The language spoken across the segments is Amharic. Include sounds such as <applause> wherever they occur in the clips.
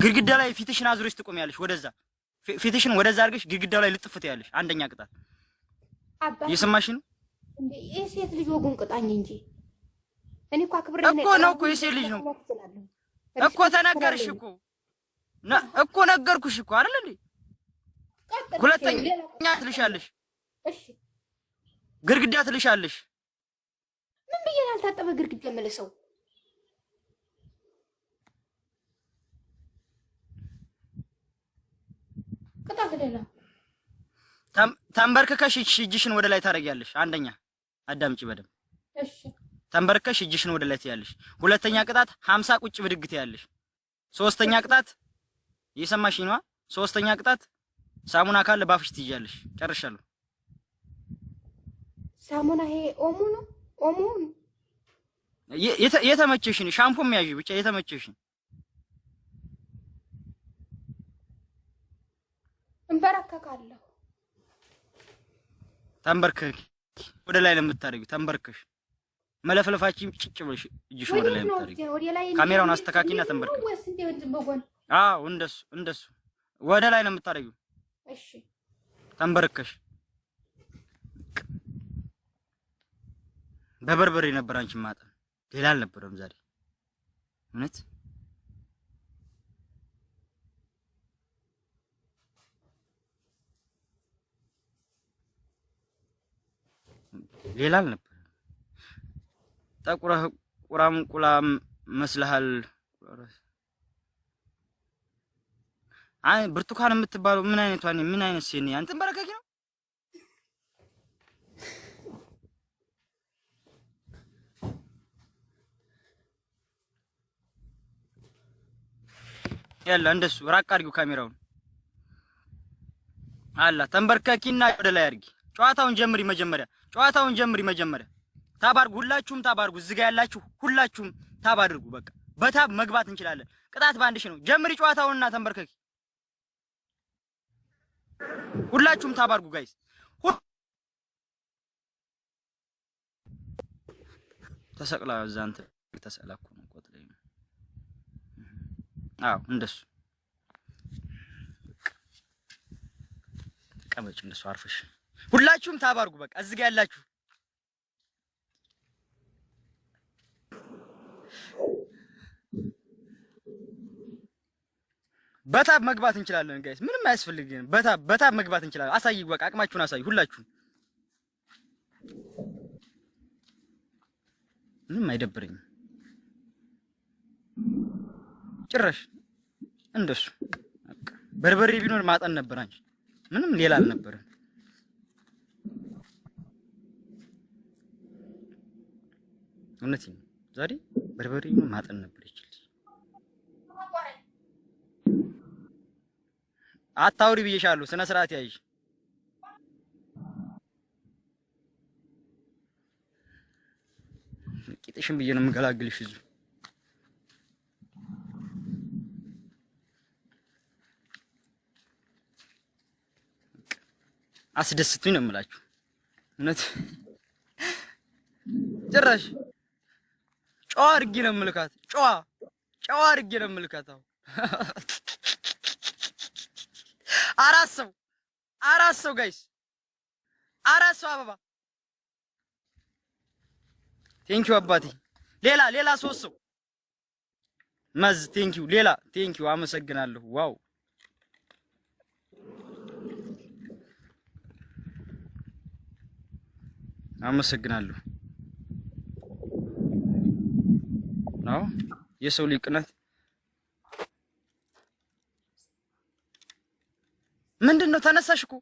ግድግዳ ላይ ፊትሽን አዙረሽ ትቆሚያለሽ። ወደዛ ፊትሽን ወደዛ አድርገሽ ግድግዳው ላይ ልጥፍት ያለሽ አንደኛ ቅጣት። እየሰማሽ ነው እንዴ? የሴት ልጅ ወጉን ቅጣኝ እንጂ እኔ እኮ አክብሬ እኮ ነው እኮ የሴት ልጅ ነው እኮ ተነገርሽ እኮ እኮ ነገርኩሽ እኮ አይደል እንዴ? ሁለተኛ ትልሻለሽ፣ ግድግዳ ትልሻለሽ። ምን ብዬሽ ያልታጠበ ግድግዳ መልሰው ተንበርክከሽ እጅሽን ወደ ላይ ታደርጊያለሽ። አንደኛ አዳምጪ በደምብ እሺ። ተንበርከሽ እጅሽን ወደ ላይ ትያለሽ። ሁለተኛ ቅጣት ሀምሳ ቁጭ ብድግ ትያለሽ። ሶስተኛ ቅጣት እየሰማሽ ነዋ። ሶስተኛ ቅጣት ሳሙና ካለ ባፍሽ ትይዣለሽ። ጨርሻለሁ። ሳሙና ይሄ ኦሙ ነው። ኦሞ የተመቸሽን ሻምፖ የሚያዥ ብቻ የተመቸሽን እንበረከካለሁ። ተንበርከክ ወደ ላይ ለምታደርጊው ተንበርከሽ መለፍለፋችን ጭጭ ብለሽ እጅሽ ወደ ላይ የምታደርጊው ካሜራውን አስተካኪና ተንበርከክ። አዎ እንደሱ እንደሱ ወደ ላይ ነው የምታደርጊው። እሺ ተንበርከሽ። በበርበሬ ነበር አንቺ ማጠን ሌላ አልነበረም ዛሬ እውነት ሌላ አልነበረ። ጠቁረህ ቁራም ቁላም መስልሃል። አይ ብርቱካን የምትባለው ምን አይነቷ ምን አይነት ሲኒ አንተን በረከኪ ነው። ያለ እንደሱ ራቅ አድርጊው ካሜራውን። አላ ተንበርከኪና ወደ ላይ አድርጊ። ጨዋታውን ጀምሪ መጀመሪያ ጨዋታውን ጀምር። መጀመሪያ ታባርጉ፣ ሁላችሁም ታባርጉ። እዚህ ጋር ያላችሁ ሁላችሁም ታብ አድርጉ። በቃ በታብ መግባት እንችላለን። ቅጣት በአንድሽ ነው። ጀምሪ ጨዋታውንና ተንበርከኪ። ሁላችሁም ታባርጉ ጋይስ። ተሰቅላ እዛ እንትን ተሰቅላ እኮ ነው ቆጥለኝ። አዎ እንደሱ ቀመጭ፣ እንደሱ አርፈሽ ሁላችሁም ታባርጉ። በቃ እዚህ ጋር ያላችሁ በታብ መግባት እንችላለን ጋይስ፣ ምንም አያስፈልግም። በታብ በታብ መግባት እንችላለን። አሳይ በቃ አቅማችሁን አሳይ ሁላችሁም ምንም አይደብረኝም ጭራሽ። እንደሱ በርበሬ ቢኖር ማጠን ነበር አንቺ ምንም ሌላ አልነበረም። እውነት ነው። ዛሬ በርበሬ ማጠን ነበር ይችል አታውሪ ብዬሻለሁ። ስነ ስርዓት ያይሽ ቂጥሽን ብዬ ነው የምገላግልሽ። እዚሁ አስደስቱኝ ነው የምላችሁ እውነት ጭራሽ ጨዋ አድርጌ ነው የምልካት። ጨዋ ጨዋ አድርጌ ነው የምልካት። አሁን <laughs> አራት ሰው አራት ሰው ጋይስ አራት ሰው አበባ ቴንኪው አባቴ። ሌላ ሌላ ሶስት ሰው መዝ ቴንኪው። ሌላ ቴንኪው። አመሰግናለሁ። ዋው አመሰግናለሁ። የሰው ልጅ ቅናት ምንድን ነው? ተነሳሽ እኮ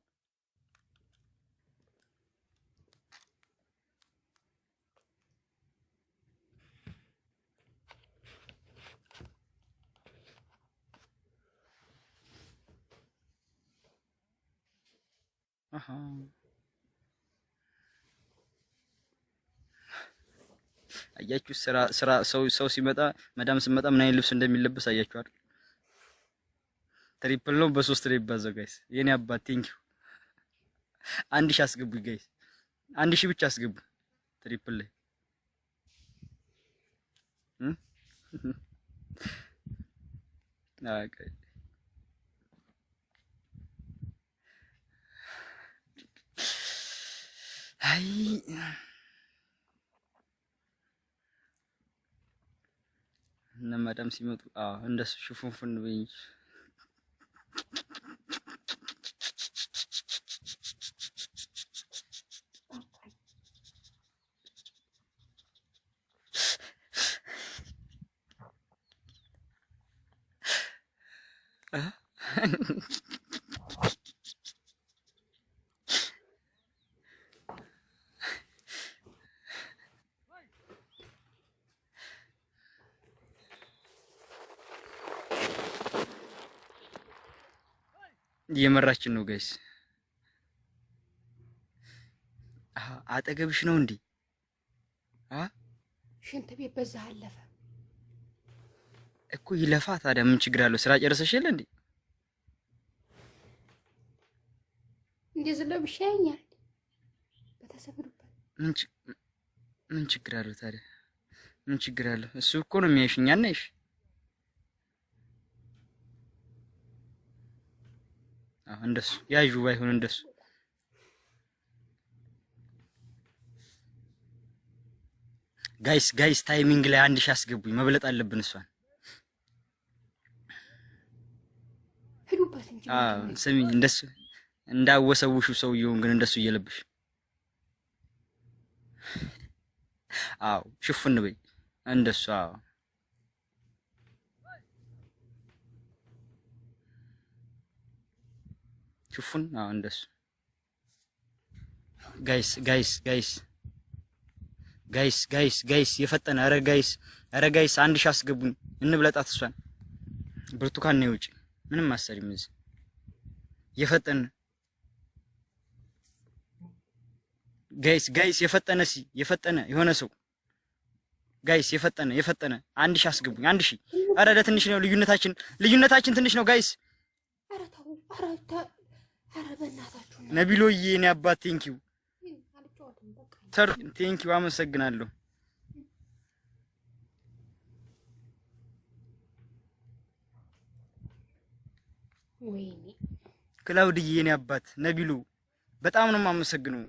አሃ አያችሁ። ስራ ስራ ሰው ሰው ሲመጣ መዳም ሲመጣ ምን አይነት ልብስ እንደሚለብስ አያችሁ አይደል? ትሪፕል ነው በሶስት ላይ ይባዛው ጋይስ። የኔ አባት ቴንኪው። አንድ ሺህ አስገቡ ጋይስ፣ አንድ ሺህ ብቻ አስገቡ ትሪፕል ላይ አይ እና ማዳም ሲመጡ አዎ እንደሱ ሽፉንፉን ብኝ እየመራችን ነው ጋይስ። አጠገብሽ ነው እንዴ? ሽንት ቤት በዛ አለፈ እኮ ይለፋ። ታዲያ ምን ችግር አለው? ስራ ጨርሰሽ የለ እንዴ? እንዴ ዝለብሽ ያኛል በተሰብሩበት ምን ምን ችግር አለው ታዲያ? ምን ችግር አለው? እሱ እኮ ነው የሚያይሽ እኛን ነሽ እንደሱ ያዩ ባይሆን እንደሱ ጋይስ ጋይስ ታይሚንግ ላይ አንድ ሺህ አስገቡኝ። መብለጥ አለብን። እሷን ስሚ፣ እንደሱ እንዳወሰውሹ ሰውየውን ግን እንደሱ እየለብሽ አዎ፣ ሽፉን በይ እንደሱ አዎ ሽፉን አሁን እንደሱ ጋይስ ጋይስ ጋይስ ጋይስ ጋይስ ጋይስ የፈጠነ አረ ጋይስ አረ ጋይስ አንድ ሺህ አስገቡኝ እንብለጣት እሷን ብርቱካን ነው ውጪ ምንም አሰሪም እዚህ የፈጠነ ጋይስ ጋይስ የፈጠነ ሲ የፈጠነ የሆነ ሰው ጋይስ የፈጠነ የፈጠነ አንድ ሺህ አስገቡኝ አንድ ሺህ አረ ለትንሽ ነው ልዩነታችን ልዩነታችን ትንሽ ነው ጋይስ አረ አረ ኧረ በእናታችሁ ነቢሎዬ፣ እኔ አባት ቴንኪው ቴንኪው፣ አመሰግናለሁ። ወይኔ ክላውድዬ፣ እኔ አባት ነቢሉ፣ በጣም ነው የማመሰግነው።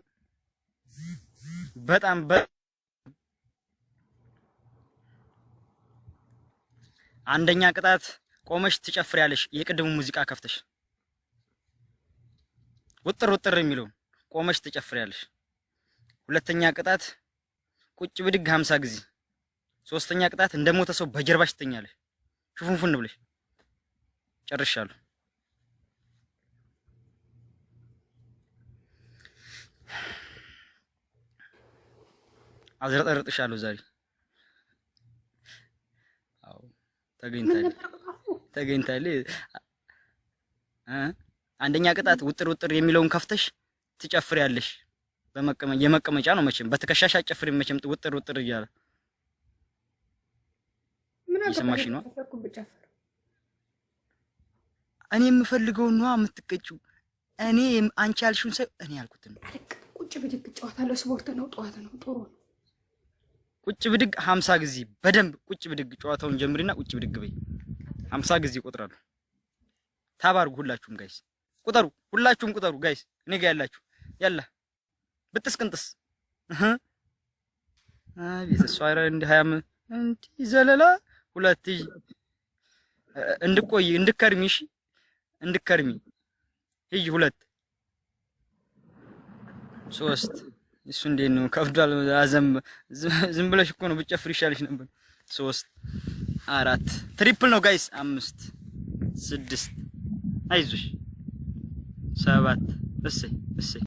በጣም አንደኛ ቅጣት ቆመሽ ትጨፍሪያለሽ የቅድሙ ሙዚቃ ከፍተሽ ውጥር ውጥር የሚለው ቆመሽ ትጨፍሪያለሽ። ሁለተኛ ቅጣት ቁጭ ብድግ ሀምሳ ጊዜ። ሶስተኛ ቅጣት እንደሞተ ሰው በጀርባሽ ትተኛለሽ ሽፉንፉን ብለሽ። ጨርሻለሁ። አዝረጠርጥሻለሁ ዛሬ ተገኝታለህ ተገኝታለህ እ አንደኛ ቅጣት ውጥር ውጥር የሚለውን ከፍተሽ ትጨፍሪያለሽ። በመቀመ የመቀመጫ ነው መቼም በትከሻሽ አጨፍሪም መቼም ውጥር ውጥር እያለ ምን አሰማሽ ነው። እኔ የምፈልገው ነው የምትቀጭው። እኔ አንቺ ያልሽውን ሳይ እኔ ያልኩት ነው። ቁጭ ብድግ ጨዋታ ለስፖርት ነው፣ ጠዋት ነው፣ ጥሩ ነው። ቁጭ ብድግ ሀምሳ ጊዜ በደንብ ቁጭ ብድግ ጨዋታውን ጀምሪና ቁጭ ብድግ በይ ሀምሳ ጊዜ ቆጥራለሁ። ታባርጉ ሁላችሁም ጋይስ ቁጠሩ፣ ሁላችሁም ቁጠሩ ጋይስ፣ እኔ ጋ ያላችሁ ያላ ብጥስ ቅንጥስ አቤት እሷ ኧረ እንደ ሀያ እንዲ ዘለላ ሁለት እንድቆይ እንድከርሚ እሺ፣ እንድከርሚ ሂጂ ሁለት ሶስት እሱ እንዴት ነው ከብዷል? አዘም ዝም ብለሽ እኮ ነው ብጨፍር ይሻልሽ ነበር። ሶስት አራት ትሪፕል ነው ጋይስ። አምስት ስድስት አይዞሽ ሰባት እሰይ እሰይ